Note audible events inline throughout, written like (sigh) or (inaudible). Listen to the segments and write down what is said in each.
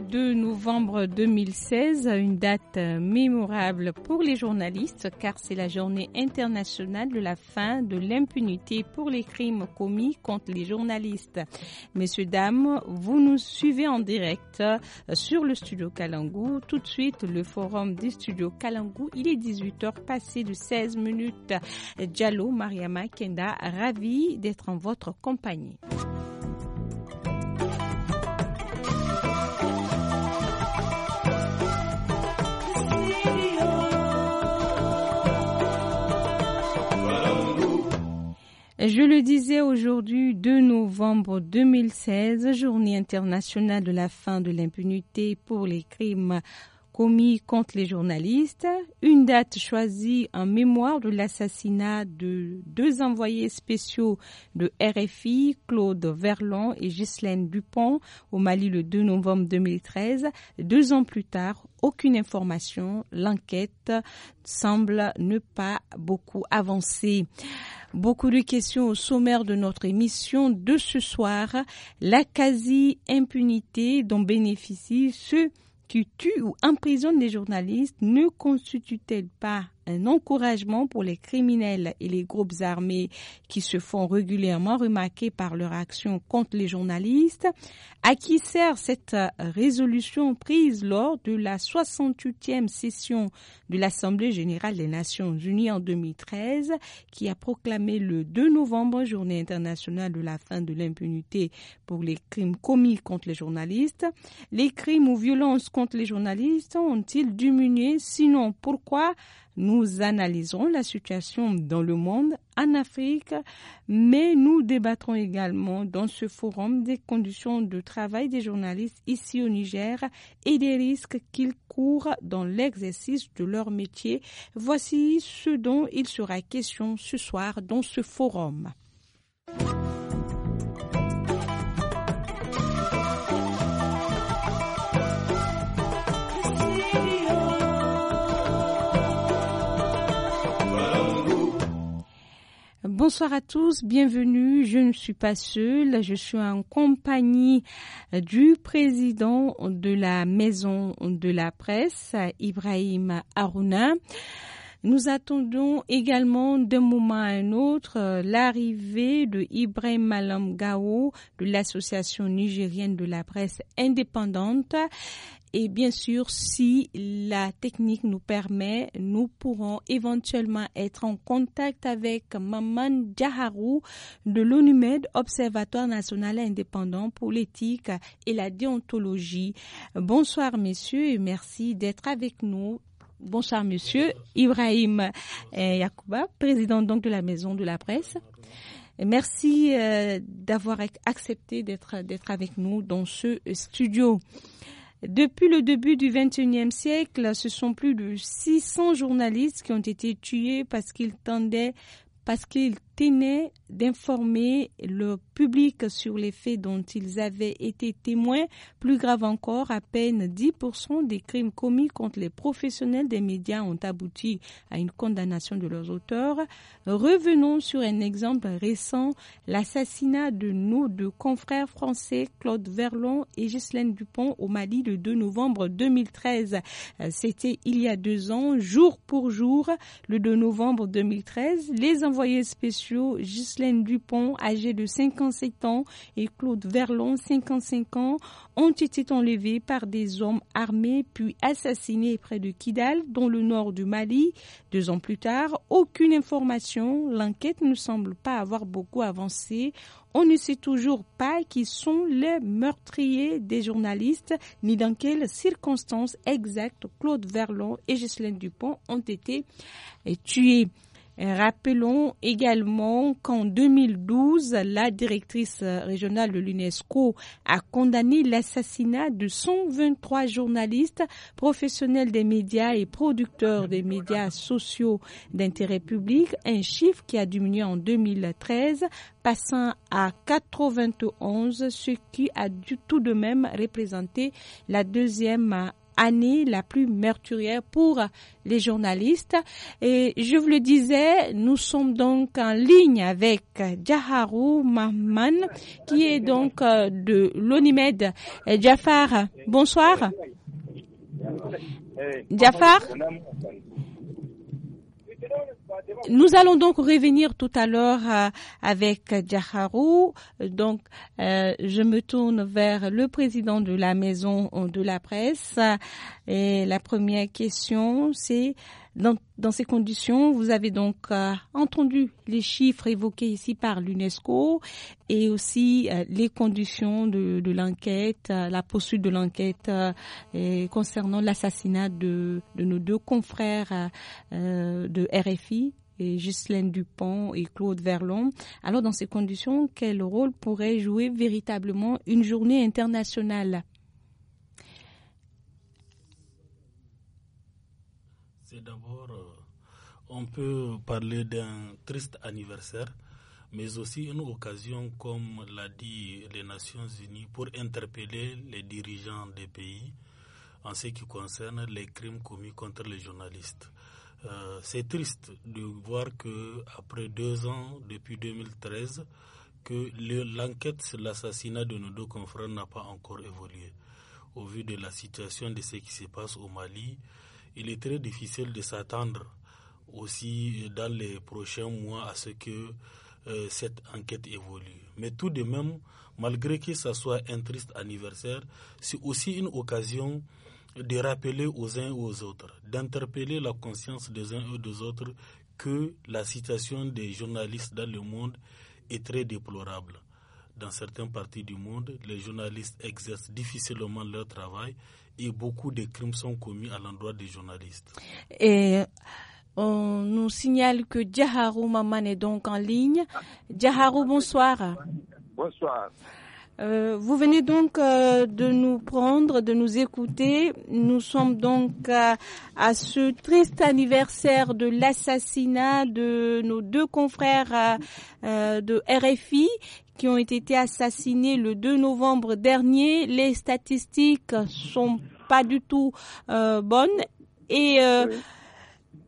2 novembre 2016, une date euh, mémorable pour les journalistes car c'est la journée internationale de la fin de l'impunité pour les crimes commis contre les journalistes. Messieurs, dames, vous nous suivez en direct euh, sur le studio Kalangou. Tout de suite, le forum des studios Kalangu. Il est 18h passé de 16 minutes. Diallo Mariama Kenda, ravi d'être en votre compagnie. Je le disais aujourd'hui, 2 novembre 2016, journée internationale de la fin de l'impunité pour les crimes commis contre les journalistes, une date choisie en mémoire de l'assassinat de deux envoyés spéciaux de RFI, Claude Verlon et Ghislaine Dupont, au Mali le 2 novembre 2013. Deux ans plus tard, aucune information. L'enquête semble ne pas beaucoup avancer. Beaucoup de questions au sommaire de notre émission de ce soir. La quasi-impunité dont bénéficient ceux tu tues ou emprisonnes les journalistes ne constitue-t-elle pas un encouragement pour les criminels et les groupes armés qui se font régulièrement remarquer par leur action contre les journalistes. À qui sert cette euh, résolution prise lors de la 68e session de l'Assemblée générale des Nations unies en 2013 qui a proclamé le 2 novembre journée internationale de la fin de l'impunité pour les crimes commis contre les journalistes Les crimes ou violences contre les journalistes ont-ils diminué Sinon, pourquoi nous analyserons la situation dans le monde, en Afrique, mais nous débattrons également dans ce forum des conditions de travail des journalistes ici au Niger et des risques qu'ils courent dans l'exercice de leur métier. Voici ce dont il sera question ce soir dans ce forum. Bonsoir à tous, bienvenue. Je ne suis pas seule, je suis en compagnie euh, du président de la maison de la presse, Ibrahim Aruna. Nous attendons également d'un moment à un autre euh, l'arrivée de Ibrahim Malam Gao de l'Association nigérienne de la presse indépendante et bien sûr, si la technique nous permet, nous pourrons éventuellement être en contact avec Maman Djaharou de l'ONUMED, Observatoire national indépendant pour l'éthique et la déontologie. Bonsoir, messieurs, et merci d'être avec nous Bonsoir, monsieur Ibrahim eh, Yacouba, président donc de la Maison de la Presse. Merci euh, d'avoir accepté d'être avec nous dans ce studio. Depuis le début du XXIe siècle, ce sont plus de 600 journalistes qui ont été tués parce qu'ils tendaient parce qu'ils tenaient d'informer le public sur les faits dont ils avaient été témoins. Plus grave encore, à peine 10% des crimes commis contre les professionnels des médias ont abouti à une condamnation de leurs auteurs. Revenons sur un exemple récent, l'assassinat de nos deux confrères français, Claude Verlon et Ghislaine Dupont, au Mali le 2 novembre 2013. C'était il y a deux ans, jour pour jour, le 2 novembre 2013. Les envoyés spéciaux sociaux, Dupont, âgée de 57 ans, et Claude Verlon, 55 ans, ont été enlevés par des hommes armés puis assassinés près de Kidal, dans le nord du Mali. Deux ans plus tard, aucune information, l'enquête ne semble pas avoir beaucoup avancé. On ne sait toujours pas qui sont les meurtriers des journalistes, ni dans quelles circonstances exactes Claude Verlon et Ghislaine Dupont ont été tués. Rappelons également qu'en 2012, la directrice régionale de l'UNESCO a condamné l'assassinat de 123 journalistes, professionnels des médias et producteurs des médias sociaux d'intérêt public, un chiffre qui a diminué en 2013, passant à 91, ce qui a dû tout de même représenté la deuxième année la plus meurtrière pour les journalistes. Et je vous le disais, nous sommes donc en ligne avec Jaharu Mahman, qui est donc euh, de l'ONIMED. Jafar, bonsoir. Jafar nous allons donc revenir tout à l'heure euh, avec Djaharou. Donc, euh, je me tourne vers le président de la maison de la presse. Et la première question, c'est dans, ces conditions, vous avez donc euh, entendu les chiffres évoqués ici par l'UNESCO et aussi les conditions de, l'enquête, la poursuite de l'enquête concernant l'assassinat de, nos deux confrères de RFI et Ghislaine Dupont et Claude Verlon. Alors, dans ces conditions, quel rôle pourrait jouer véritablement une journée internationale C'est d'abord, euh, on peut parler d'un triste anniversaire, mais aussi une occasion, comme l'a dit les Nations Unies, pour interpeller les dirigeants des pays en ce qui concerne les crimes commis contre les journalistes. Euh, c'est triste de voir que après deux ans, depuis 2013, que l'enquête sur l'assassinat de nos deux confrères n'a pas encore évolué. Au vu de la situation de ce qui se passe au Mali, il est très difficile de s'attendre aussi dans les prochains mois à ce que euh, cette enquête évolue. Mais tout de même, malgré que ce soit un triste anniversaire, c'est aussi une occasion de rappeler aux uns et aux autres, d'interpeller la conscience des uns et des autres que la situation des journalistes dans le monde est très déplorable. Dans certaines parties du monde, les journalistes exercent difficilement leur travail et beaucoup de crimes sont commis à l'endroit des journalistes. Et on euh, nous signale que Djaharou Maman est donc en ligne. Jaharou, bonsoir. Bonsoir. Euh, vous venez donc euh, de nous prendre, de nous écouter. Nous sommes donc euh, à ce triste anniversaire de l'assassinat de nos deux confrères de RFI qui ont été assassinés le 2 novembre dernier. Les statistiques sont pas du tout bonnes et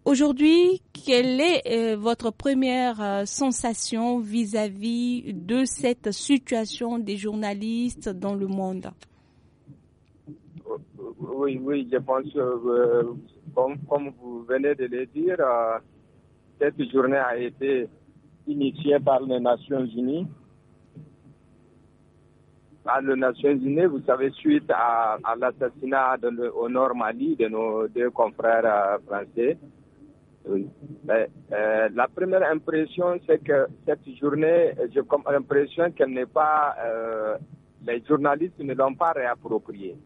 Aujourd'hui, quelle est euh, votre première euh, sensation vis-à-vis de cette situation des journalistes dans le monde euh, Oui, oui, je pense que, comme, vous venez de le dire, cette journée a été initiée par les Nations Unies. Par les Nations Unies, vous savez, suite à, à l'assassinat au nord Mali de nos deux confrères français. Euh, la première impression, c'est que cette journée, j'ai comme l'impression qu'elle n'est pas. Euh, les journalistes ne l'ont pas réappropriée.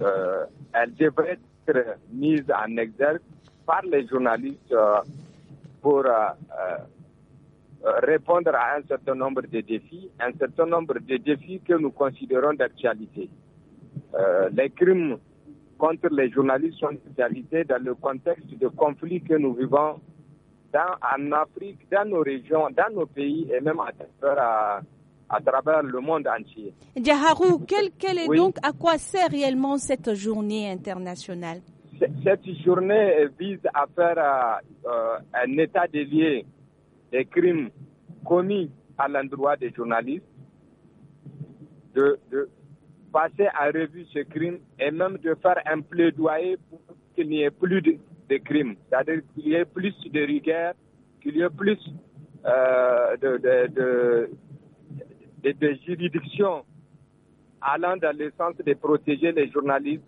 Euh, elle devrait être mise en exergue par les journalistes pour répondre à un certain nombre de défis, un certain nombre de défis que nous considérons d'actualité. les crimes contre les journalistes sont spécialisés dans le contexte de conflits que nous vivons dans, en Afrique, dans nos régions, dans nos pays et même à travers, le monde entier. Djaharou, donc, à quoi sert réellement cette journée internationale Cette journée vise à faire euh, euh, un état dévié des crimes commis à l'endroit des journalistes, de, passer à revue ce crime et même de faire un plaidoyer pour qu'il n'y ait plus de, crimes, c'est-à-dire qu'il y ait plus de rigueur, qu'il y ait plus euh, de, de, allant dans le sens de protéger les journalistes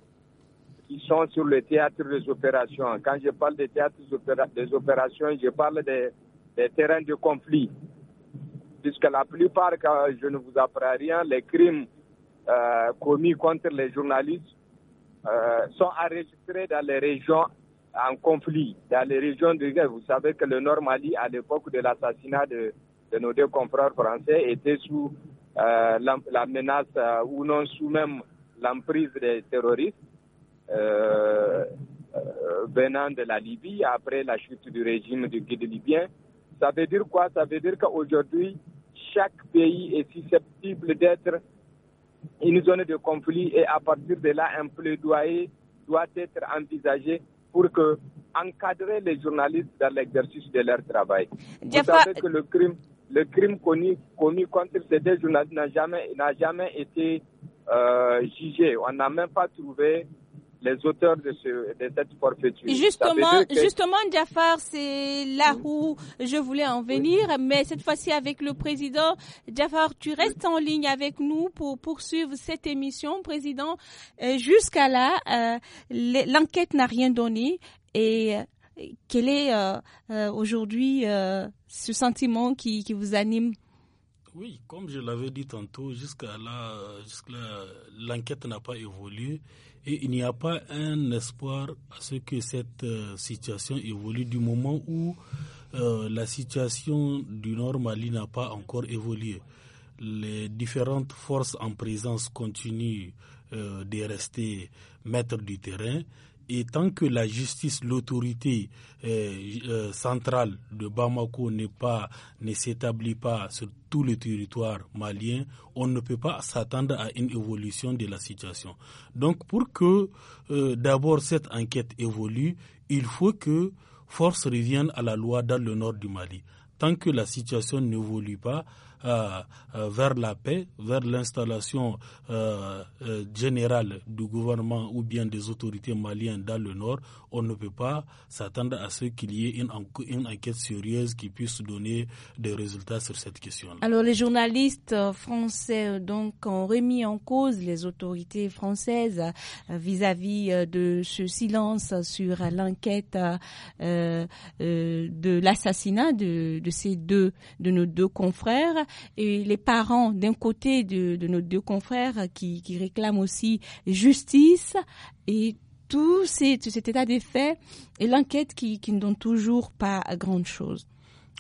qui sont sur le théâtre des opérations. Quand je parle des théâtres des opérations, je parle des, des terrains de conflit. Puisque la plupart, quand je ne vous apprends rien, les crimes euh, commis contre les journalistes euh, sont enregistrés dans les régions en conflit, dans les régions de guerre. Vous savez que le Nord Mali, à l'époque de l'assassinat de, nos deux confrères français, était sous euh, la, la, menace ou non sous même l'emprise des terroristes venant de la Libye après la chute du régime du guide libyen. Ça veut dire quoi Ça veut dire qu'aujourd'hui, chaque pays est susceptible d'être une zone de conflit et à partir de là, un plaidoyer doit être envisagé pour que encadrer les journalistes dans l'exercice de leur travail. Vous savez que le crime, le crime commis, contre ces deux journalistes n'a jamais, jamais été euh, jugé. On n'a même pas trouvé les auteurs de, ce, cette forfaiture. Justement, justement, Jafar, c'est là où je voulais en venir, mais cette fois-ci avec le président. Jafar, tu restes en ligne avec nous pour poursuivre cette émission, président. Euh, jusqu'à là, euh, l'enquête n'a rien donné et euh, quel est aujourd'hui ce sentiment qui, qui vous anime? Oui, comme je l'avais dit tantôt, jusqu'à là, l'enquête n'a pas évolué et il n'y a pas un espoir à ce que cette euh, situation évolue du moment où euh, la situation du Nord Mali n'a pas encore évolué. Les différentes forces en présence continuent euh, de rester maîtres du terrain et tant que la justice, l'autorité euh, euh, centrale de Bamako n'est pas, ne s'établit pas sur tout le territoire malien, on ne peut pas s'attendre à une évolution de la situation. Donc, pour que euh, d'abord cette enquête évolue, il faut que force revienne à la loi dans le nord du Mali. Tant que la situation n'évolue pas, euh, euh, vers la paix, vers l'installation euh, générale du gouvernement ou bien des autorités maliennes dans le nord, on ne peut pas s'attendre à ce qu'il y ait une, enquête sérieuse qui puisse donner des résultats sur cette question. Alors les journalistes français donc ont remis en cause les autorités françaises vis-à-vis de ce silence sur l'enquête de l'assassinat de, de, ces deux de nos deux confrères et les parents d'un côté de, de, nos deux confrères qui, qui réclament aussi justice et tout, cet état des faits et l'enquête qui, qui ne donne toujours pas grande chose.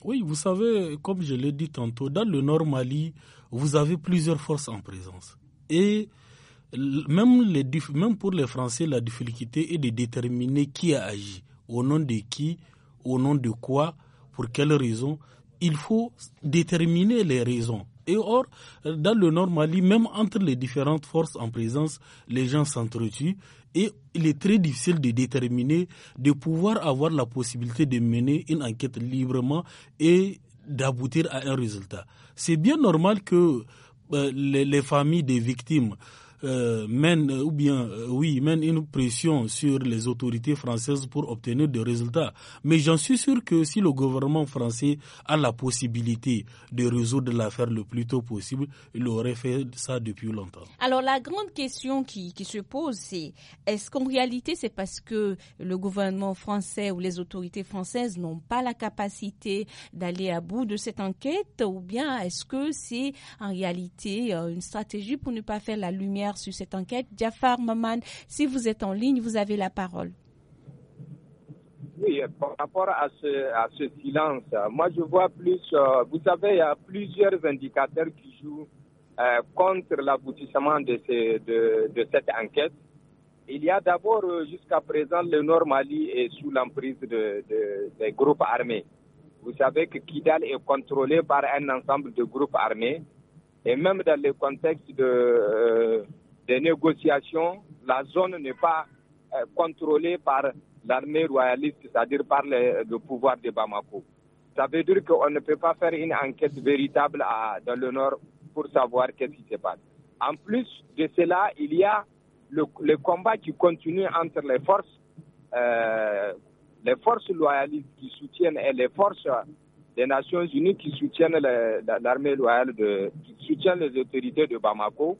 Oui, vous savez, comme je l'ai dit tantôt, dans le Nord Mali, vous avez plusieurs forces en présence. Et même, les, même pour les Français, la difficulté est de déterminer qui a agi, au nom de qui, au nom de quoi, pour quelles raisons il faut déterminer les raisons. Et or, dans le Nord Mali, même entre les différentes forces en présence, les gens s'entretuent et il est très difficile de déterminer, de pouvoir avoir la possibilité de mener une enquête librement et d'aboutir à un résultat. C'est bien normal que euh, les familles des victimes euh, mène euh, ou bien euh, oui mène une pression sur les autorités françaises pour obtenir des résultats. Mais j'en suis sûr que si le gouvernement français a la possibilité de résoudre l'affaire le plus tôt possible, il aurait fait ça depuis longtemps. Alors la grande question qui, qui se pose, c'est est-ce qu'en réalité c'est parce que le gouvernement français ou les autorités françaises n'ont pas la capacité d'aller à bout de cette enquête ou bien est-ce que c'est en réalité une stratégie pour ne pas faire la lumière sur cette enquête. Jafar Maman, si vous êtes en ligne, vous avez la parole. Oui, par rapport à ce, silence, moi je vois plus, euh, vous savez, il y a plusieurs indicateurs qui jouent euh, contre l'aboutissement de, cette enquête. Il y a d'abord, euh, jusqu'à présent, le Nord Mali est sous l'emprise de, des groupes armés. Vous savez que Kidal est contrôlé par un ensemble de groupes armés. Et même dans le contexte de des négociations, la zone n'est pas euh, contrôlée par l'armée royaliste, c'est-à-dire par le, pouvoir de Bamako. Ça veut dire qu'on ne peut pas faire une enquête véritable dans le nord pour savoir qu'est-ce qui se passe. En plus de cela, il y a le, combat qui continue entre les forces, euh, les forces loyalistes qui soutiennent et les forces des Nations Unies qui soutiennent l'armée loyale, de, qui soutiennent les autorités de Bamako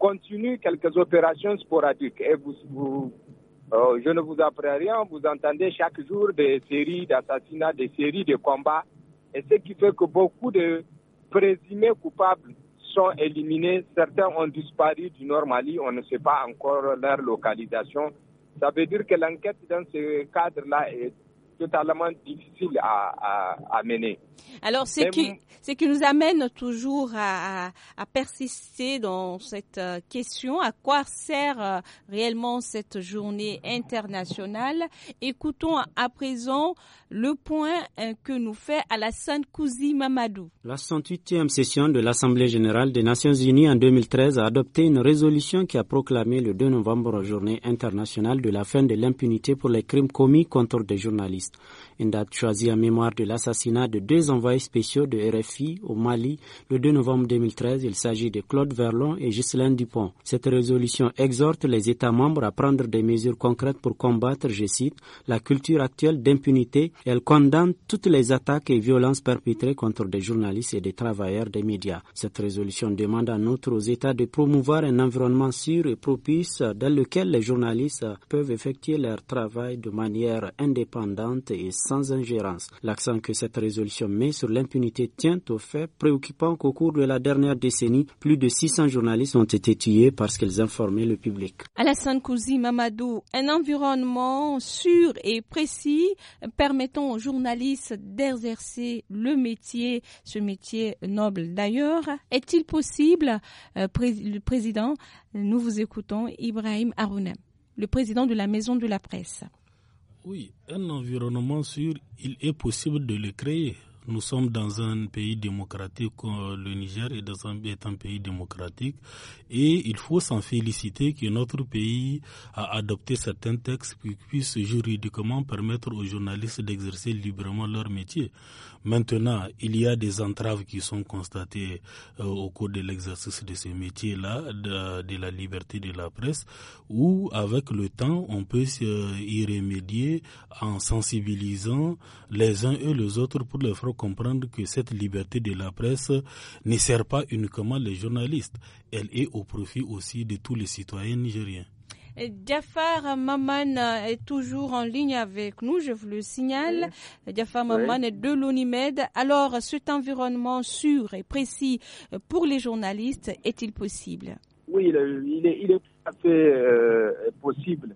continue quelques opérations sporadiques. Et vous, vous euh, je ne vous apprends rien, vous entendez chaque jour des séries d'assassinats, des séries de combats. Et ce qui fait que beaucoup de présumés coupables sont éliminés. Certains ont disparu du Nord Mali, on ne sait pas encore leur localisation. Ça veut dire que l'enquête dans ce cadre-là est difficile Alors, ce qui, ce qui nous amène toujours à, à, persister dans cette euh, question, à quoi sert euh, réellement cette journée internationale Écoutons à présent le point euh, que nous fait Alassane Kouzi Mamadou. La 108e session de l'Assemblée générale des Nations unies en 2013 a adopté une résolution qui a proclamé le 2 novembre Journée internationale de la fin de l'impunité pour les crimes commis contre des journalistes. Une date choisie en mémoire de l'assassinat de deux envoyés spéciaux de RFI au Mali le 2 novembre 2013. Il s'agit de Claude Verlon et Ghislaine Dupont. Cette résolution exhorte les États membres à prendre des mesures concrètes pour combattre, je cite, la culture actuelle d'impunité. Elle condamne toutes les attaques et violences perpétrées contre des journalistes et des travailleurs des médias. Cette résolution demande à outre aux États de promouvoir un environnement sûr et propice dans lequel les journalistes peuvent effectuer leur travail de manière indépendante et ingérence. L'accent que cette résolution met sur l'impunité tient au fait préoccupant qu'au cours de la dernière décennie, plus de 600 journalistes ont été tués parce qu'ils informaient le public. Alassane Kouzi Mamadou, un environnement sûr et précis permettant aux journalistes d'exercer le métier, ce métier noble d'ailleurs. Est-il possible, euh, Président, nous vous écoutons, Ibrahim Arounem, le président de la Maison de la Presse. Oui, un environnement sûr, il est possible de le créer. Nous sommes dans un pays démocratique, euh, le Niger est, un, pays démocratique, et il faut s'en féliciter que notre pays a adopté certains textes qui puissent juridiquement permettre aux journalistes d'exercer librement leur métier. Maintenant, il y a des entraves qui sont constatées euh, au cours de l'exercice de ce métier-là, de, la liberté de la presse, où avec le temps, on peut euh, y remédier en sensibilisant les uns et les autres pour les faire comprendre que cette liberté de la presse ne sert pas uniquement les journalistes, elle est au profit aussi de tous les citoyens nigériens. Diafar Maman est toujours en ligne avec nous, je vous le signale. Diafar Maman est de l'ONIMED. Alors, cet environnement sûr et précis pour les journalistes est-il possible Oui, il est, tout à fait euh, possible,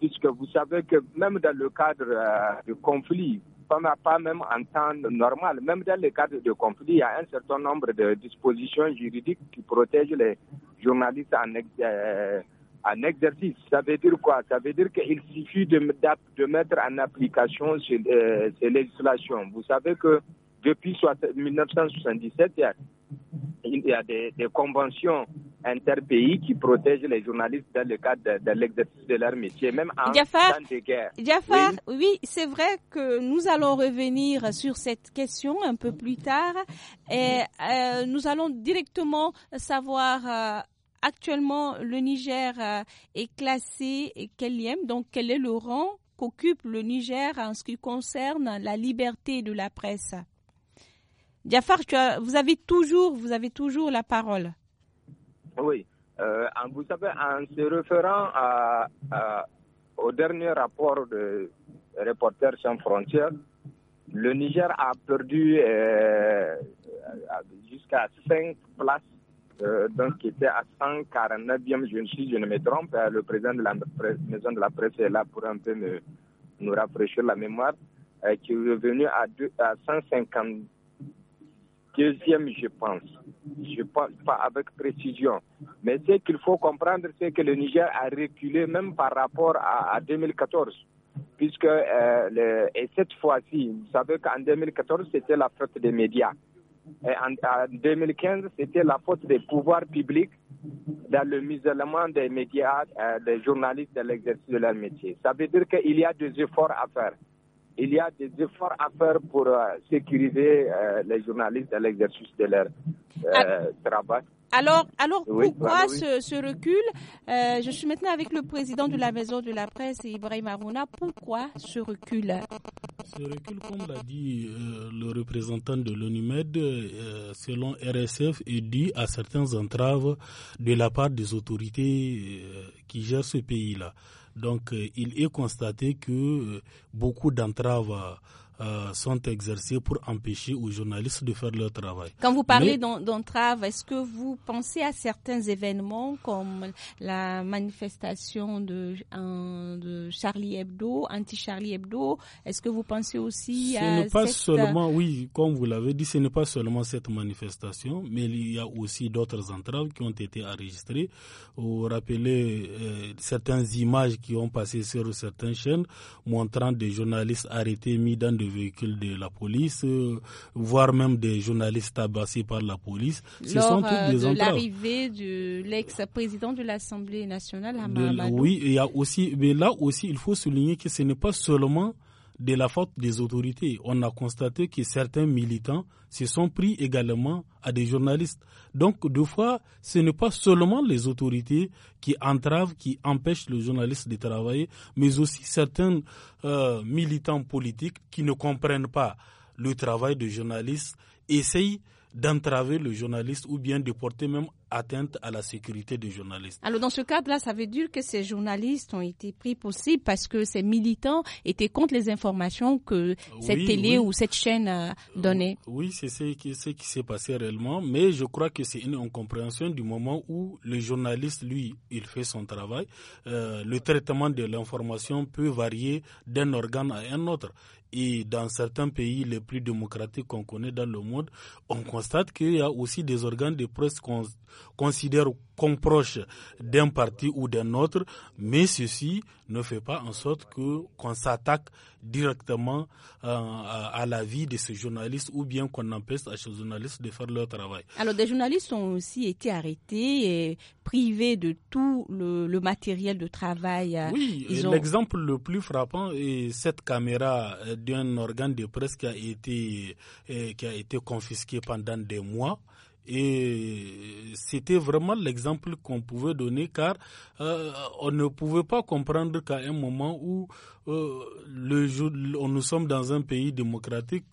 puisque vous savez que même dans le cadre euh, de conflit n'a pas même en temps normal. Même dans le cadre de conflit, il y a un certain nombre de dispositions juridiques qui protègent les journalistes en, euh, exercice. Ça veut dire quoi Ça veut dire qu'il suffit de, mettre en application euh, ces législations. Vous savez que depuis 1977, il y a, des, des, conventions interpays qui protègent les journalistes dans le cadre de, l'exercice de leur métier, même en temps de guerre. oui, c'est vrai que nous allons revenir sur cette question un peu plus tard et euh, nous allons directement savoir. Euh, actuellement, le Niger euh, est classé quelième, donc quel est le rang qu'occupe le Niger en ce qui concerne la liberté de la presse Jafar, vous avez toujours, vous avez toujours la parole. Oui. Euh, vous savez, en se référant au dernier rapport de Reporters sans frontières, le Niger a perdu euh, jusqu'à 5 places, euh, donc qui était à 149e, je ne, suis, je ne me trompe, le président de la maison de la presse est là pour un peu nous rafraîchir la mémoire, qui est revenu à, deux, à 150 Deuxième, je pense, je pense pas avec précision, mais ce qu'il faut comprendre, c'est que le Niger a reculé même par rapport à, 2014, puisque euh, le, et cette fois-ci, vous savez qu'en 2014 c'était la faute des médias, et en, 2015 c'était la faute des pouvoirs publics dans le musellement des médias, euh, des journalistes, dans l'exercice de leur métier. Ça veut dire qu'il y a des efforts à faire il y a des efforts à faire pour euh, sécuriser euh, les journalistes à l'exercice de leur euh, ah. travail. Alors, alors bah pourquoi Ce, recul Je suis maintenant avec le président de la maison de la presse, Ibrahim Aruna. Pourquoi ce recul Ce recul, comme l'a dit le représentant de l'ONUMED, selon RSF, est dû à certaines entraves de la part des autorités qui gèrent ce pays-là. Donc, euh, il est constaté que euh, beaucoup d'entraves euh, euh, sont exercées pour empêcher aux journalistes de faire leur travail. Quand vous parlez d'entrave, est-ce que vous pensez à certains événements comme la manifestation de, de Charlie Hebdo, anti-Charlie Hebdo Est-ce que vous pensez aussi à... Ce n'est pas seulement, oui, comme vous l'avez dit, ce n'est pas seulement cette manifestation, mais il y a aussi d'autres entraves qui ont été enregistrées. Vous rappelez euh, certaines images qui ont passé sur certaines chaînes montrant des journalistes arrêtés, mis dans de des véhicules de la police, euh, voire même des journalistes tabassés par la police. Ce sont euh, des de l'arrivée de l'ex-président de l'Assemblée nationale, Hamadou. Oui, il y a aussi, mais là aussi, il faut souligner que ce n'est pas seulement de la faute des autorités. On a constaté que certains militants se sont pris également à des journalistes. Donc, deux fois, ce n'est pas seulement les autorités qui entravent, qui empêchent le journaliste de travailler, mais aussi certains euh, militants politiques qui ne comprennent pas le travail de journaliste, essayent d'entraver le journaliste ou bien de porter même atteinte à la sécurité des journalistes. Alors dans ce cadre-là, ça veut dire que ces journalistes ont été pris cible parce que ces militants étaient contre les informations que cette télé ou cette chaîne euh, donnait. Euh, oui, c'est ce qui, s'est passé réellement, mais je crois que c'est une incompréhension du moment où le journaliste, lui, il fait son travail. Euh, le traitement de l'information peut varier d'un organe à un autre. Et dans certains pays les plus démocratiques qu'on connaît dans le monde, on constate qu'il y a aussi des organes de presse considère qu'on proche d'un parti ou d'un autre, mais ceci ne fait pas en sorte que qu'on s'attaque directement euh, à, la vie de ces journalistes ou bien qu'on empêche à ces journalistes de faire leur travail. Alors des journalistes ont aussi été arrêtés et privés de tout le, matériel de travail. Euh, oui, l'exemple le plus frappant est cette caméra euh, d'un organe de presse qui a été qui a été confisquée pendant des mois. Et c'était vraiment l'exemple qu'on pouvait donner car euh, on ne pouvait pas comprendre qu'à un moment où euh, le jour, nous sommes dans un pays démocratique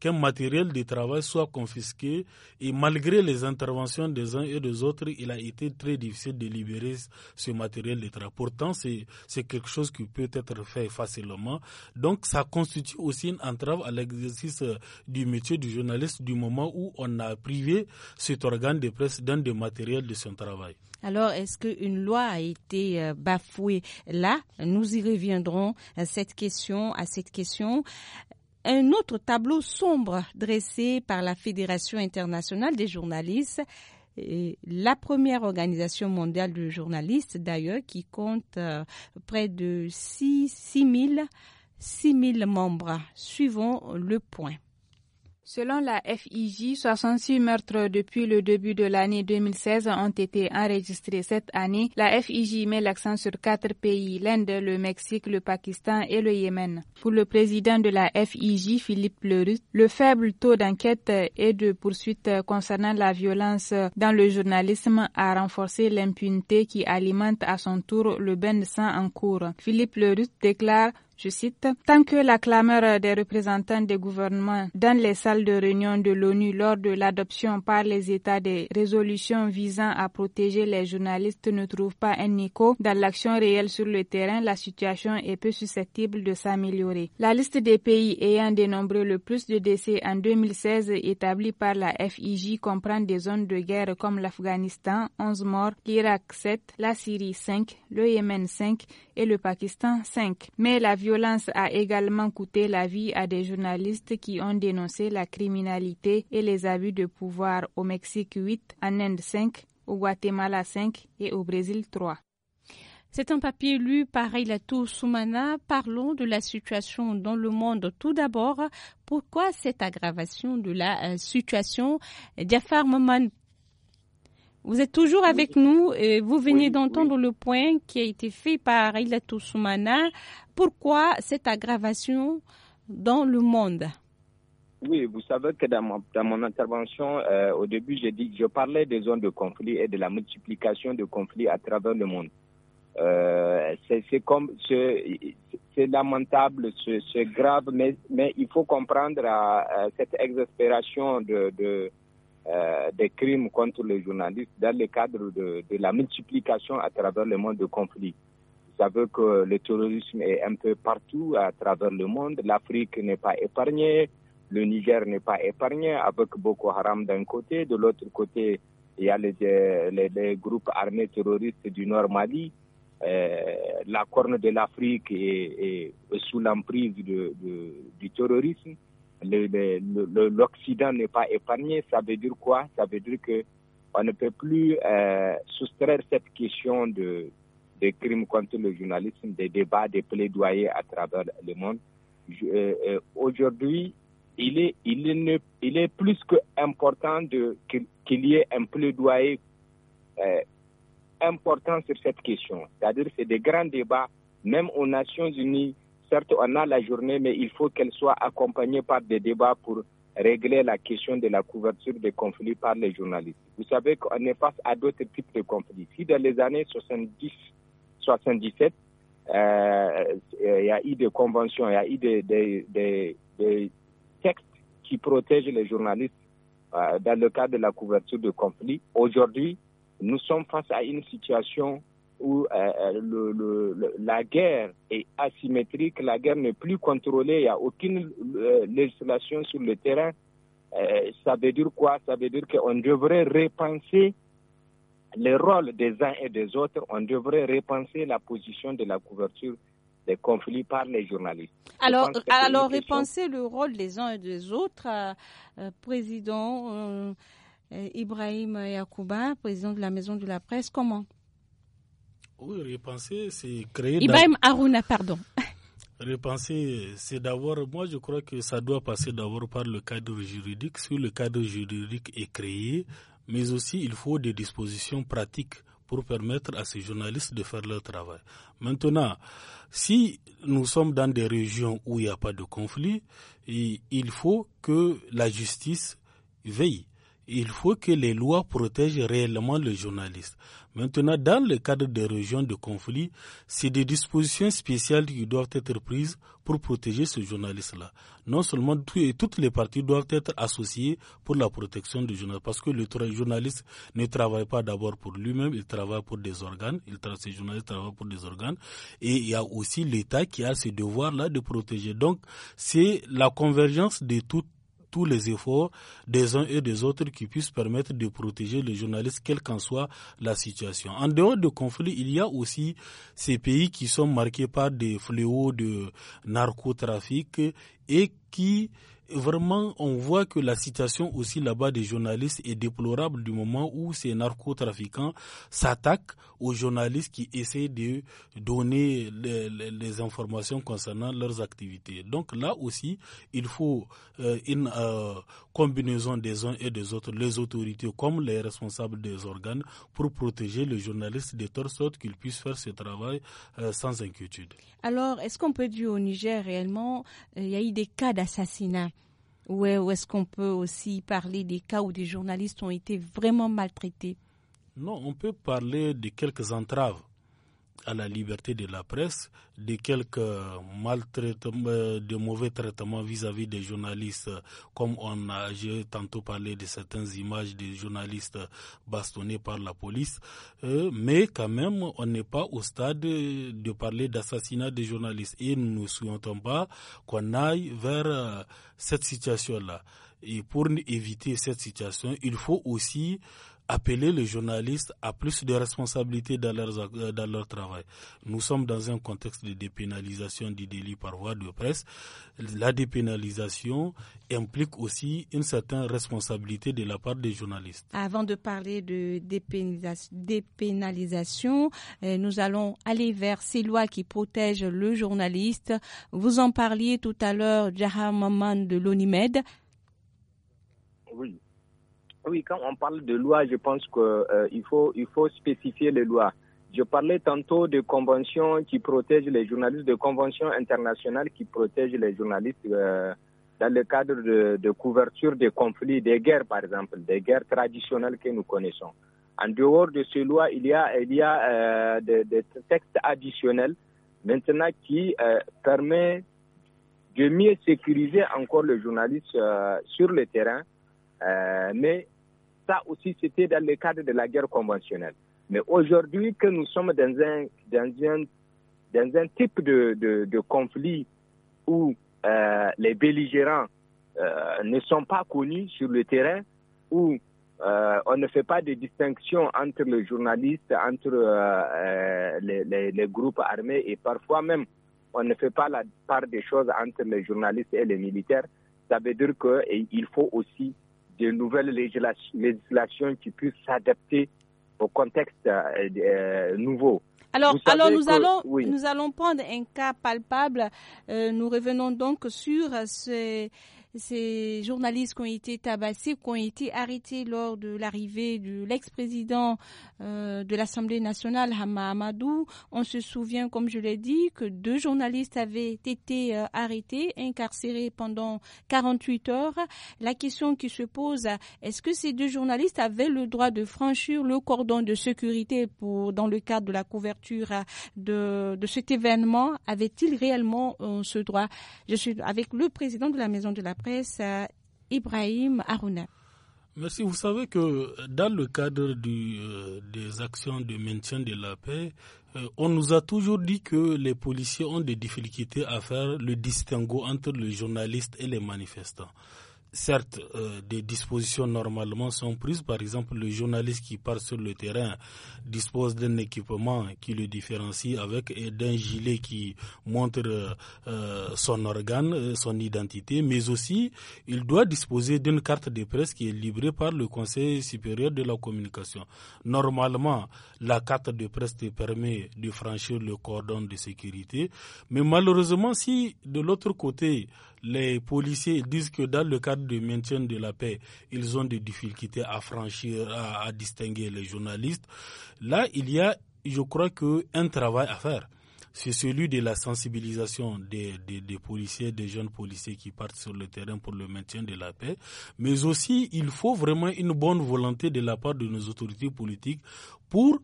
qu'un matériel de travail soit confisqué et malgré les interventions des uns et des autres, il a été très difficile de libérer ce matériel de travail. Pourtant, c'est quelque chose qui peut être fait facilement. Donc, ça constitue aussi une entrave à l'exercice euh, du métier du journaliste du moment où on a privé cet organe de presse d'un des matériels de son travail. Alors, est-ce qu'une loi a été euh, bafouée Là, nous y reviendrons à euh, cette question, à cette question un autre tableau sombre dressé par la Fédération internationale des journalistes, et la première organisation mondiale de journalistes d'ailleurs, qui compte euh, près de 6, membres. Suivons le point. Selon la FIJ, 66 meurtres depuis le début de l'année 2016 ont été enregistrés cette année. La FIJ met l'accent sur quatre pays, l'Inde, le Mexique, le Pakistan et le Yémen. Pour le président de la FIJ, Philippe Lerut, le faible taux d'enquête et de poursuites concernant la violence dans le journalisme a renforcé l'impunité qui alimente à son tour le bain de sang en cours. Philippe Lerut déclare je cite, Tant que la clameur des représentants des gouvernements dans les salles de réunion de l'ONU lors de l'adoption par les États des résolutions visant à protéger les journalistes ne trouve pas un écho dans l'action réelle sur le terrain, la situation est peu susceptible de s'améliorer. La liste des pays ayant dénombré le plus de décès en 2016 établie par la FIJ comprend des zones de guerre comme l'Afghanistan, 11 morts, l'Irak 7, la Syrie 5, le Yémen 5 et le Pakistan 5. Mais la violence a également coûté la vie à des journalistes qui ont dénoncé la criminalité et les abus de pouvoir au Mexique 8, en Inde 5, au Guatemala 5 et au Brésil 3. C'est un papier lu par Ilato Soumana. Parlons de la situation dans le monde tout d'abord. Pourquoi cette aggravation de la euh, situation Jafar vous êtes toujours avec nous et vous venez d'entendre le point qui a été fait par Ila Soumana. Pourquoi cette aggravation dans le monde Oui, vous savez que dans, mon, intervention, euh, au début, j'ai dit, que je parlais des zones de conflit et de la multiplication de conflits à travers le monde. Euh, c'est comme c'est lamentable, c'est grave, mais, mais il faut comprendre euh, cette exaspération de, de euh, des crimes contre les journalistes dans le cadre de, la multiplication à travers le monde de conflits. Vous savez que le terrorisme est un peu partout à travers le monde. L'Afrique n'est pas épargnée, le Niger n'est pas épargné, avec Boko Haram d'un côté, de l'autre côté, il y a les, euh, groupes armés terroristes du Nord Mali. Euh, la corne de l'Afrique est, est, sous l'emprise du terrorisme l'Occident n'est pas épargné. Ça veut dire quoi Ça veut dire que on ne peut plus euh, soustraire cette question de, des crimes contre le journalisme, des débats, des plaidoyers à travers le monde. Euh, euh, aujourd'hui, il est, il, est, il est plus que important qu'il y ait un plaidoyer important sur cette question. C'est-à-dire c'est des grands débats, même aux Nations Unies, Certes, on a la journée, mais il faut qu'elle soit accompagnée par des débats pour régler la question de la couverture des conflits par les journalistes. Vous savez qu'on est face à d'autres types de conflits. Si dans les années 70, 77, euh, il y a eu des conventions, il y a eu des, textes qui protègent les journalistes euh, dans le cadre de la couverture de conflits, aujourd'hui, nous sommes face à une situation où euh, euh, le, la guerre est asymétrique, la guerre n'est plus contrôlée, il n'y a aucune euh, législation sur le terrain. ça veut dire quoi Ça veut dire qu'on devrait repenser les rôles des uns et des autres, on devrait repenser la position de la couverture des conflits par les journalistes. Alors, alors repenser le rôle des uns et des autres, Président Ibrahim Yacouba, président de la Maison de la Presse, comment oui, repenser, c'est créer. Ibrahim Aruna, pardon. (laughs) Repenser, c'est d'abord, moi je crois que ça doit passer d'abord par le cadre juridique. Si le cadre juridique est créé, mais aussi il faut des dispositions pratiques pour permettre à ces journalistes de faire leur travail. Maintenant, si nous sommes dans des régions où il n'y a pas de conflit, il faut que la justice veille il faut que les lois protègent réellement le journaliste. Maintenant, dans le cadre des régions de conflit, c'est des dispositions spéciales qui doivent être prises pour protéger ce journaliste-là. Non seulement tous et toutes les parties doivent être associées pour la protection du journaliste, parce que le journaliste ne travaille pas d'abord pour lui-même, il travaille pour des organes, il travaille, pour des organes, et il y a aussi l'État qui a ce devoir-là de protéger. Donc, c'est la convergence de toutes tous les efforts des uns et des autres qui puissent permettre de protéger les journalistes, quelle qu'en soit la situation. En dehors de conflit, il y a aussi ces pays qui sont marqués par des fléaux de narcotrafic et qui vraiment, on voit que la situation aussi là-bas des journalistes est déplorable du moment où ces narcotrafiquants s'attaquent aux journalistes qui essaient de donner les, informations concernant leurs activités. Donc là aussi, il faut euh, une euh, combinaison des uns et des autres, les autorités comme les responsables des organes, pour protéger les journalistes de telle sorte qu'ils puissent faire ce travail euh, sans inquiétude. Alors, est-ce qu'on peut dire au Niger réellement, il y a eu des cas d'assassinat ou est-ce qu'on peut aussi parler des cas où des journalistes ont été vraiment maltraités Non, on peut parler de quelques entraves à la liberté de la presse, de quelques maltraitements, euh, de mauvais traitements vis-à-vis des journalistes, comme on a tantôt parlé de certaines images des journalistes bastonnés par la police. Euh, mais quand même, on n'est pas au stade de parler d'assassinat des journalistes et nous ne souhaitons pas qu'on aille vers euh, cette situation-là. Et pour éviter cette situation, il faut aussi appeler les journalistes à plus de responsabilités dans, euh, dans leur travail. Nous sommes dans un contexte de dépénalisation du délit par voie de presse. La dépénalisation implique aussi une certaine responsabilité de la part des journalistes. Avant de parler de dépénalisation, euh, nous allons aller vers ces lois qui protègent le journaliste. Vous en parliez tout à l'heure, Jahar Maman de l'ONIMED. Oui. Oui, quand on parle de loi, je pense qu'il euh, faut, il faut spécifier les lois. Je parlais tantôt de conventions qui protègent les journalistes, de conventions internationales qui protègent les journalistes euh, dans le cadre de, couverture des conflits, des guerres par exemple, des guerres traditionnelles que nous connaissons. En dehors de ces lois, il y a, il y a euh, des, textes additionnels maintenant qui permettent de mieux sécuriser encore le journaliste sur le terrain, mais ça aussi, c'était dans le cadre de la guerre conventionnelle. Mais aujourd'hui, que nous sommes dans un, dans un, dans un type de, de, conflit où euh, les belligérants euh, ne sont pas connus sur le terrain, où euh, on ne fait pas de distinction entre les journalistes, entre les, les, groupes armés et parfois même on ne fait pas la part des choses entre les journalistes et les militaires. Ça veut dire qu'il faut aussi de nouvelles législations qui puissent s'adapter au contexte euh, euh, nouveau. Alors, alors nous, allons, nous allons prendre un cas palpable. Euh, nous revenons donc sur ce, ces journalistes qui ont été tabassés, qui ont été arrêtés lors de l'arrivée de l'ex-président euh, de l'Assemblée nationale, Hama Amadou. On se souvient, comme je l'ai dit, que deux journalistes avaient été euh, arrêtés, incarcérés pendant 48 heures. La question qui se pose, est-ce que ces deux journalistes avaient le droit de franchir le cordon de sécurité pour, dans le cadre de la couverture euh, de, cet événement? Avaient-ils réellement euh, ce droit? Je suis avec le président de la Maison de la euh, Merci. Vous savez que dans le cadre euh, des actions de maintien de la paix, euh, on nous a toujours dit que les policiers ont des difficultés à faire le distinguo entre les journalistes et les manifestants certes, euh, des dispositions normalement sont prises. Par exemple, le journaliste qui part sur le terrain dispose d'un équipement qui le différencie avec et d'un gilet qui montre euh, son organe, euh, son identité, mais aussi il doit disposer d'une carte de presse qui est libérée par le Conseil supérieur de la communication. Normalement, la carte de presse te permet de franchir le cordon de sécurité, mais malheureusement, si de l'autre côté, les policiers disent que dans le cadre du maintien de la paix, ils ont des difficultés à franchir, à, distinguer les journalistes. Là, il y a, je crois que, un travail à faire c'est celui de la sensibilisation des, des, policiers, des jeunes policiers qui partent sur le terrain pour le maintien de la paix. Mais aussi, il faut vraiment une bonne volonté de la part de nos autorités politiques pour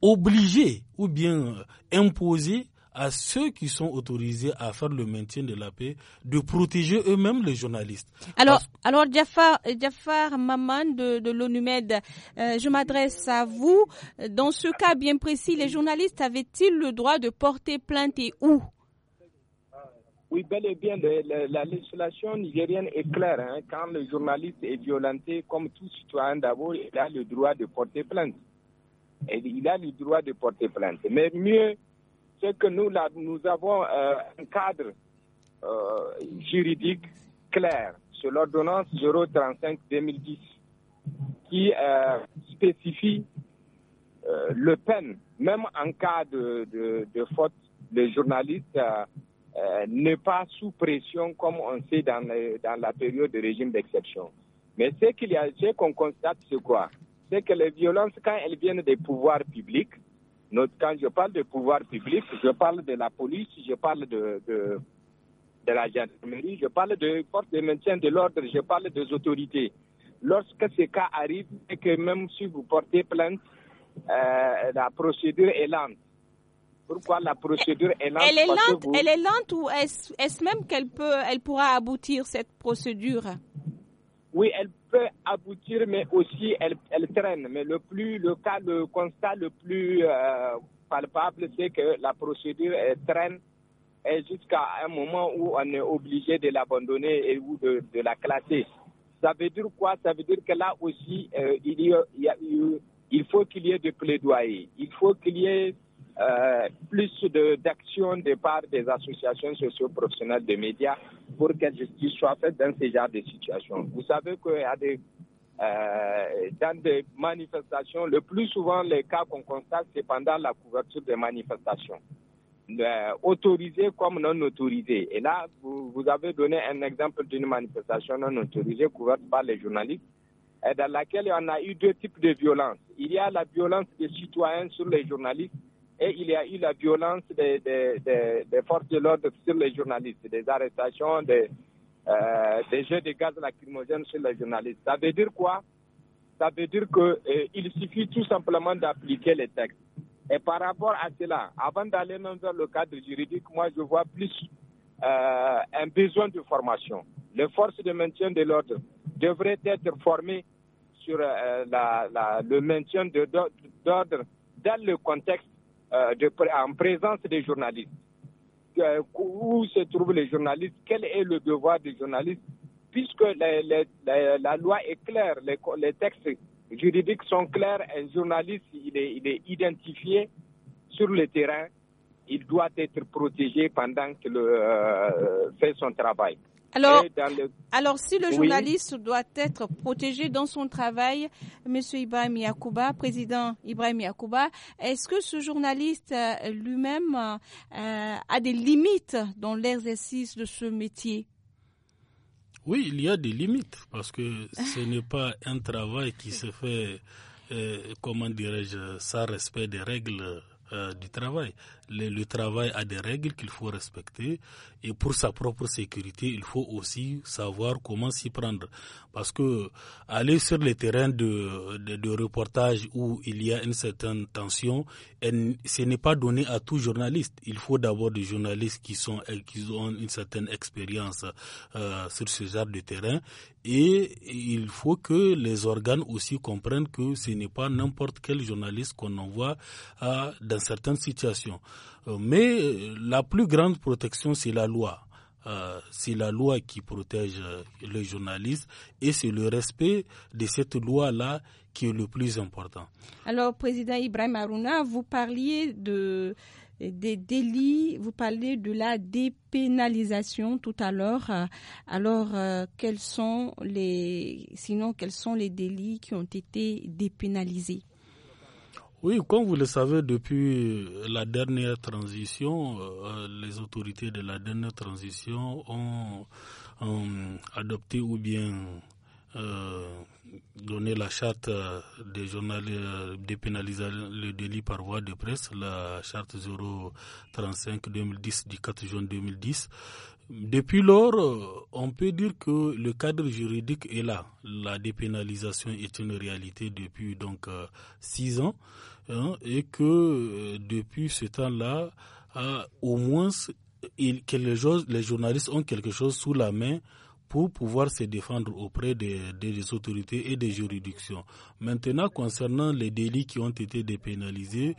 obliger ou bien imposer à ceux qui sont autorisés à faire le maintien de la paix de protéger eux-mêmes les journalistes. Alors, alors Maman de, de l'ONUMED, euh, je m'adresse à vous. Dans ce cas bien précis, les journalistes avaient-ils le droit de porter plainte et où oui, bel et bien, la législation nigérienne est claire. Hein. Quand le journaliste est violenté, comme tout citoyen d'abord, il a le droit de porter plainte. il a le droit de porter plainte. Mais mieux, c'est que nous, là, nous avons euh, un cadre euh, juridique clair sur l'ordonnance 035-2010 qui euh, spécifie le peine, même en cas de, de, de faute, le journaliste n'est pas sous pression comme on sait dans, dans la période de régime d'exception. Mais ce qu'il y a, ce qu'on constate, c'est quoi C'est que les violences, quand elles viennent des pouvoirs publics, quand je parle de pouvoir public, je parle de la police, je parle de, de, de la gendarmerie, je parle de force de maintien de l'ordre, je parle des autorités. Lorsque ces cas arrivent et que même si vous portez plainte, euh, la procédure est lente. Pourquoi la procédure est lente Elle est lente, elle est lente ou est-ce même qu'elle peut, elle pourra aboutir cette procédure oui, elle peut aboutir, mais aussi elle, traîne. Mais le plus, le cas, le constat le plus euh, palpable, c'est que la procédure traîne jusqu'à un moment où on est obligé de l'abandonner et ou de, la classer. Ça veut dire quoi Ça veut dire que là aussi, euh, il, faut qu'il y ait des plaidoyers. Il faut qu'il y ait euh, plus d'actions de, part des associations socio-professionnelles de médias pour que justice soit faite dans ces genre de situation. Vous savez qu'il y a des, euh, dans des manifestations, le plus souvent les cas qu'on constate, c'est pendant la couverture des manifestations. Euh, autorisées comme non autorisées. Et là, vous, avez donné un exemple d'une manifestation non autorisée couverte par les journalistes, et dans laquelle on a eu deux types de violences. Il y a la violence des citoyens sur les journalistes et il y a eu la violence des, forces de l'ordre sur les journalistes, des arrestations, des, euh, jeux de gaz lacrymogènes sur les journalistes. Ça veut dire quoi Ça veut dire qu'il euh, il suffit tout simplement d'appliquer les textes. Et par rapport à cela, avant d'aller dans le cadre juridique, moi je vois plus euh, un besoin de formation. Les forces de maintien de l'ordre devraient être formées sur euh, le maintien d'ordre dans le contexte euh, en présence des journalistes. Euh, où se trouvent les journalistes Quel est le devoir des journalistes Puisque la loi est claire, les, textes juridiques sont clairs, un journaliste, il est, identifié sur le terrain il doit être protégé pendant qu'il euh, fait son travail. Alors, si le journaliste doit être protégé dans son travail, M. Ibrahim Yakuba, président Ibrahim Yakuba, est-ce que ce journaliste euh, lui-même euh, a des limites dans l'exercice de ce métier Oui, il y a des limites parce que ce n'est pas un travail qui se fait, euh, comment dirais-je, sans respect des règles euh, du travail. Le, le, travail a des règles qu'il faut respecter et pour sa propre sécurité, il faut aussi savoir comment s'y prendre. Parce que aller sur les terrains de, de, reportage où il y a une certaine tension, ce n'est pas donné à tout journaliste. Il faut d'abord des journalistes qui, sont, qui ont une certaine expérience euh, sur ce genre de terrain et il faut que les organes aussi comprennent que ce n'est pas n'importe quel journaliste qu'on envoie à, euh, dans certaines situations. Euh, mais euh, la plus grande protection, c'est la loi. c'est la loi qui protège les journalistes et c'est le respect de cette loi-là qui est le plus important. Alors, Président Ibrahim Aruna, vous parliez de des délits. Vous parlez de la dépénalisation tout à l'heure. Alors, euh, quels sont les, sinon, quels sont les délits qui ont été dépénalisés oui, comme vous le savez, depuis la dernière transition, euh, les autorités de la dernière transition ont adopté ou bien euh, donner la charte euh, des journalistes euh, dépénaliser le délit par voie de presse, la charte 035-2010 du 4 juin 2010. Depuis lors, on peut dire que le cadre juridique est là. La dépénalisation est une réalité depuis donc six ans hein, et que depuis ce temps-là, au moins, que les journalistes ont quelque chose sous la main pour pouvoir se défendre auprès des, autorités et des juridictions. Maintenant, concernant les délits qui ont été dépénalisés,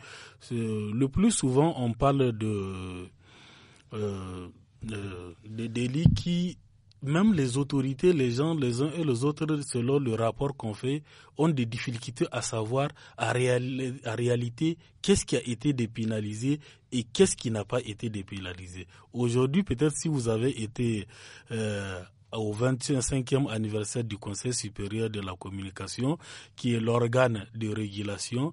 euh, le plus souvent, on parle de, euh, euh, délits qui même les autorités, les gens, les uns et les autres, selon le rapport qu'on fait, ont des difficultés à savoir à réalité qu'est-ce qui a été dépénalisé et qu'est-ce qui n'a pas été dépénalisé. Aujourd'hui, peut-être si vous avez été au 25e anniversaire du Conseil supérieur de la communication, qui est l'organe de régulation.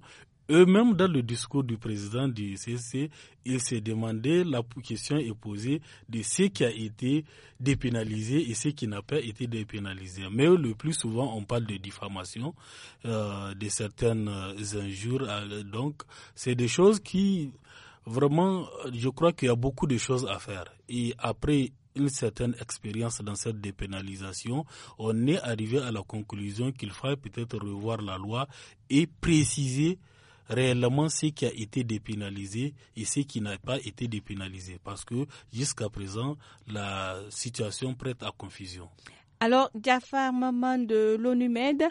Eux-mêmes, dans le discours du président du CC, ils se demandaient, la question est posée de ce qui a été dépénalisé et ce qui n'a pas été dépénalisé. Mais le plus souvent, on parle de diffamation, euh, de certaines euh, injures. Euh, donc, c'est des choses qui, vraiment, je crois qu'il y a beaucoup de choses à faire. Et après une certaine expérience dans cette dépénalisation, on est arrivé à la conclusion qu'il faudrait peut-être revoir la loi et préciser réellement ce qui a été dépénalisé et ce qui n'a pas été dépénalisé. Parce que jusqu'à présent, la situation prête à confusion. Alors, Jafar Maman de l'ONU-MED,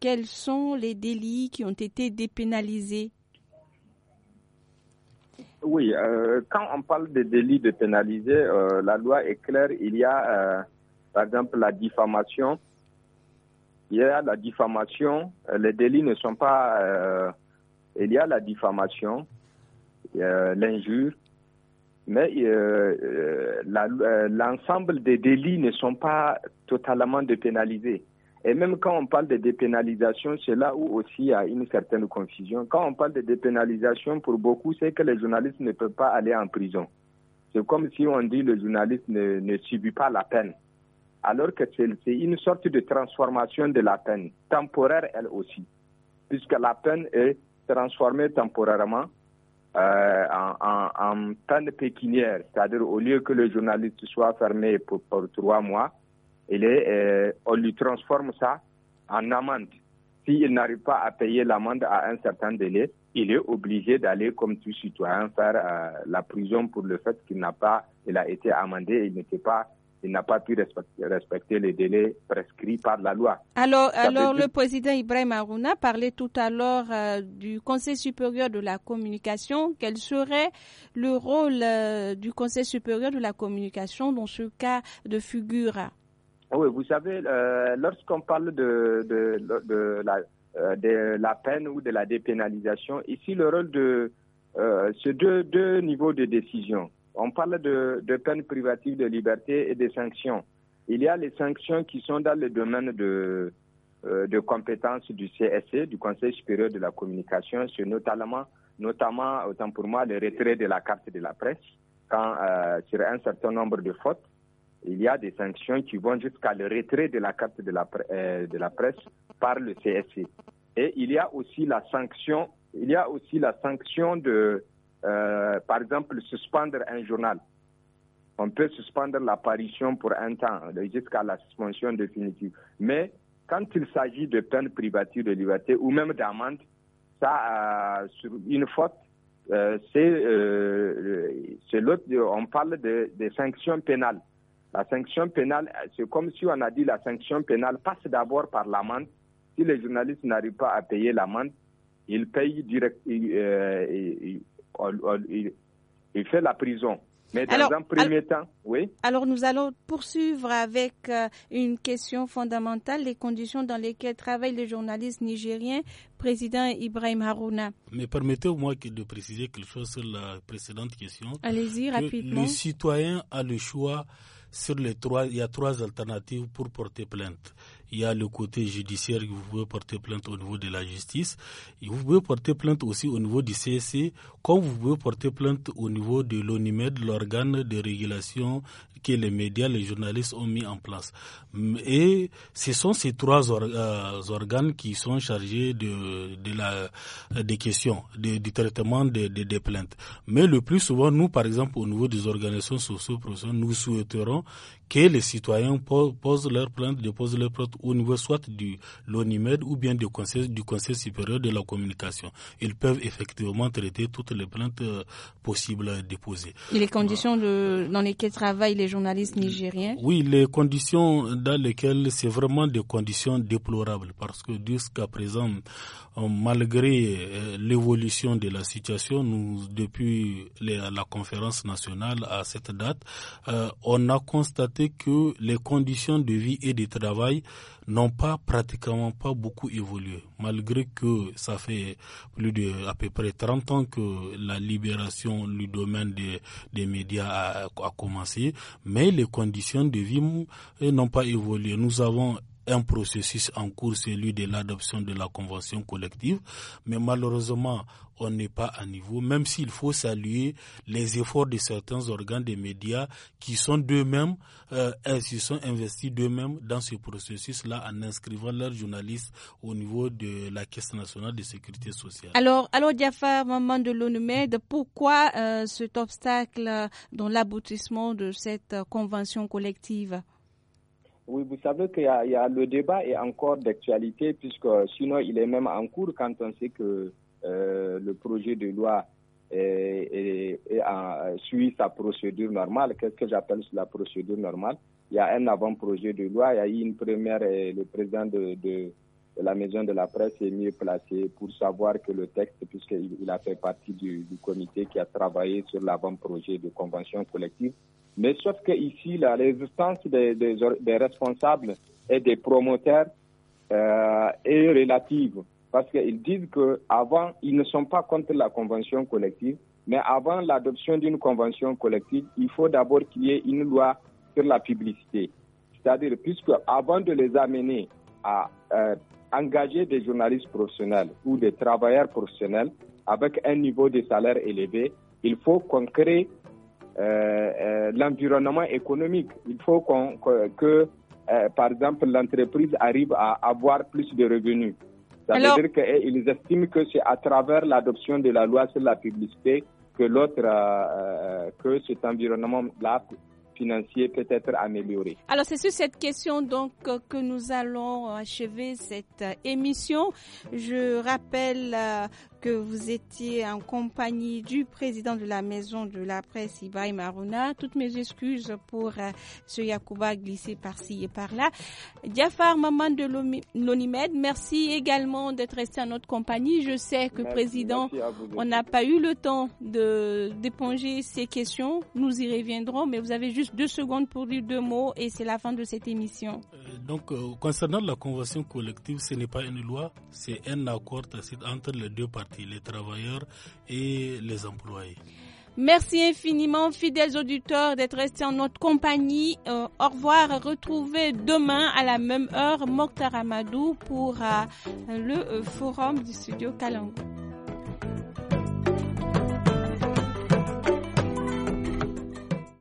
quels sont les délits qui ont été dépénalisés oui, euh, quand on parle des délits de pénaliser, euh, la loi est claire. Il y a, euh, par exemple, la diffamation. Il y a la diffamation. Euh, les délits ne sont pas. il y a la diffamation, l'injure, mais l'ensemble des délits ne sont pas totalement dépénalisés. Et même quand on parle de dépénalisation, c'est là où aussi il y a une certaine confusion. Quand on parle de dépénalisation, pour beaucoup, c'est que les journalistes ne peuvent pas aller en prison. C'est comme si on dit le journaliste ne, ne subit pas la peine. Alors que c'est une sorte de transformation de la peine, temporaire elle aussi, puisque la peine est transformée temporairement euh, en, peine pécuniaire, c'est-à-dire au lieu que le journaliste soit fermé pour trois mois, il est, euh, on lui transforme ça en amende. S'il n'arrive pas à payer l'amende à un certain délai, il est obligé d'aller, comme tout citoyen, faire euh, la prison pour le fait qu'il n'a pas, il a été amendé, et il n'était pas il n'a pas pu respecter, les délais prescrits par la loi. Alors, alors le président Ibrahim Aruna parlait tout à l'heure euh, du Conseil supérieur de la communication. Quel serait le rôle du Conseil supérieur de la communication dans ce cas de figure ah oui, vous savez, euh, lorsqu'on parle de, euh, de, la, peine ou de la dépénalisation, ici, le rôle de euh, ces deux, niveaux de décision. On parle de, de peine privative de liberté et des sanctions. Il y a les sanctions qui sont dans le domaine de, euh, de compétences du CSC, e, du Conseil supérieur de la communication, c'est notamment, notamment, autant pour moi, le retrait de la carte de la presse quand, euh, sur un certain nombre de fautes il y a des sanctions qui vont jusqu'à le retrait de la carte de la, euh, de la presse par le CSC. Et il y a aussi la sanction, il y a aussi la sanction de, euh, par exemple, suspendre un journal. On peut suspendre l'apparition pour un temps, jusqu'à la suspension définitive. Mais quand il s'agit de peine privative de liberté ou même d'amende, ça, euh, une faute, c'est, l'autre, on parle de, des sanctions pénales. La sanction pénale, c'est comme si on a dit la sanction pénale passe d'abord par l'amende. Si les journalistes n'arrivent pas à payer l'amende, ils payent direct, euh, il fait la prison. Mais dans un premier temps, oui. Alors nous allons poursuivre avec euh, une question fondamentale, les conditions dans lesquelles travaillent les journalistes nigériens, président Ibrahim Harouna. Mais permettez-moi de préciser quelque chose sur la précédente question. Allez-y rapidement. Le citoyen a le choix sur les trois, il y a trois alternatives pour porter plainte il y a le côté judiciaire que vous pouvez porter plainte au niveau de la justice. vous pouvez porter plainte aussi au niveau du CSC, comme vous pouvez porter plainte au niveau de l'ONIMED, l'organe de régulation que les médias, les journalistes ont mis en place. Et ce sont ces trois euh, organes qui sont chargés de, de la, des questions, du traitement des plaintes. Mais le plus souvent, nous, par exemple, au niveau des organisations sociales, nous souhaiterons que les citoyens posent leurs plaintes, déposent leurs plaintes au niveau soit du l'ONIMED ou bien du conseil, du conseil supérieur de la communication. Ils peuvent effectivement traiter toutes les plaintes euh, possibles à déposer. Et les conditions dans lesquelles travaillent les journalistes nigériens Oui, les conditions dans lesquelles c'est vraiment des conditions déplorables parce que jusqu'à présent, euh, malgré euh, l'évolution de la situation, nous, depuis la conférence nationale à cette date, on a constaté c'est que les conditions de vie et de travail n'ont pas pratiquement pas beaucoup évolué, malgré que ça fait plus de à peu près 30 ans que la libération du domaine des, médias a, a, commencé, mais les conditions de vie mm, n'ont pas évolué. Nous avons un processus en cours, celui de l'adoption de la convention collective, mais malheureusement, on n'est pas à niveau, même s'il faut saluer les efforts de certains organes des médias qui sont d'eux-mêmes, euh, sont investis d'eux-mêmes dans ce processus-là en inscrivant leurs journalistes au niveau de la Caisse nationale de sécurité sociale. Alors, alors Diafar, maman de l'ONUMED, pourquoi euh, cet obstacle dans l'aboutissement de cette convention collective oui, vous savez que y, a, le débat est encore d'actualité, puisque sinon il est même en cours quand on sait que euh, le projet de loi suit sa procédure normale. Qu'est-ce que j'appelle la procédure normale Il y a un avant-projet de loi, il y a eu une première, et le président de, la maison de la presse est mieux placé pour savoir que le texte, puisqu'il a fait partie du comité qui a travaillé sur l'avant-projet de convention collective, mais sauf ici, la résistance des, responsables et des promoteurs euh, est relative. Parce qu'ils disent qu'avant, ils ne sont pas contre la convention collective, mais avant l'adoption d'une convention collective, il faut d'abord qu'il y ait une loi sur la publicité. C'est-à-dire, puisque avant de les amener à euh, engager des journalistes professionnels ou des travailleurs professionnels avec un niveau de salaire élevé, il faut qu'on crée euh, euh, l'environnement économique. Il faut qu'on que, euh, par exemple, l'entreprise arrive à avoir plus de revenus. Ça veut dire qu'ils eh, estiment que c'est à travers l'adoption de la loi sur la publicité que l'autre, que cet environnement-là financier peut être amélioré. Alors c'est sur cette question donc que nous allons achever cette émission. Je rappelle que vous étiez en compagnie du président de la maison de la presse, Ibaï Maruna. Toutes mes excuses pour euh, ce Yakuba glissé par-ci et par-là. Diafar, maman de l'ONIMED, merci également d'être resté en notre compagnie. Je sais que, président, on n'a pas eu le temps de d'éponger ces questions. Nous y reviendrons, mais vous avez juste deux secondes pour dire deux mots et c'est la fin de cette émission. Euh, donc, euh, concernant la convention collective, ce n'est pas une loi, c'est un accord tacite entre les deux parties les travailleurs et les employés. Merci infiniment, fidèles auditeurs, d'être restés en notre compagnie. Euh, au revoir. Retrouvez demain à la même heure Mokhtar Amadou pour euh, le euh, forum du studio Kalang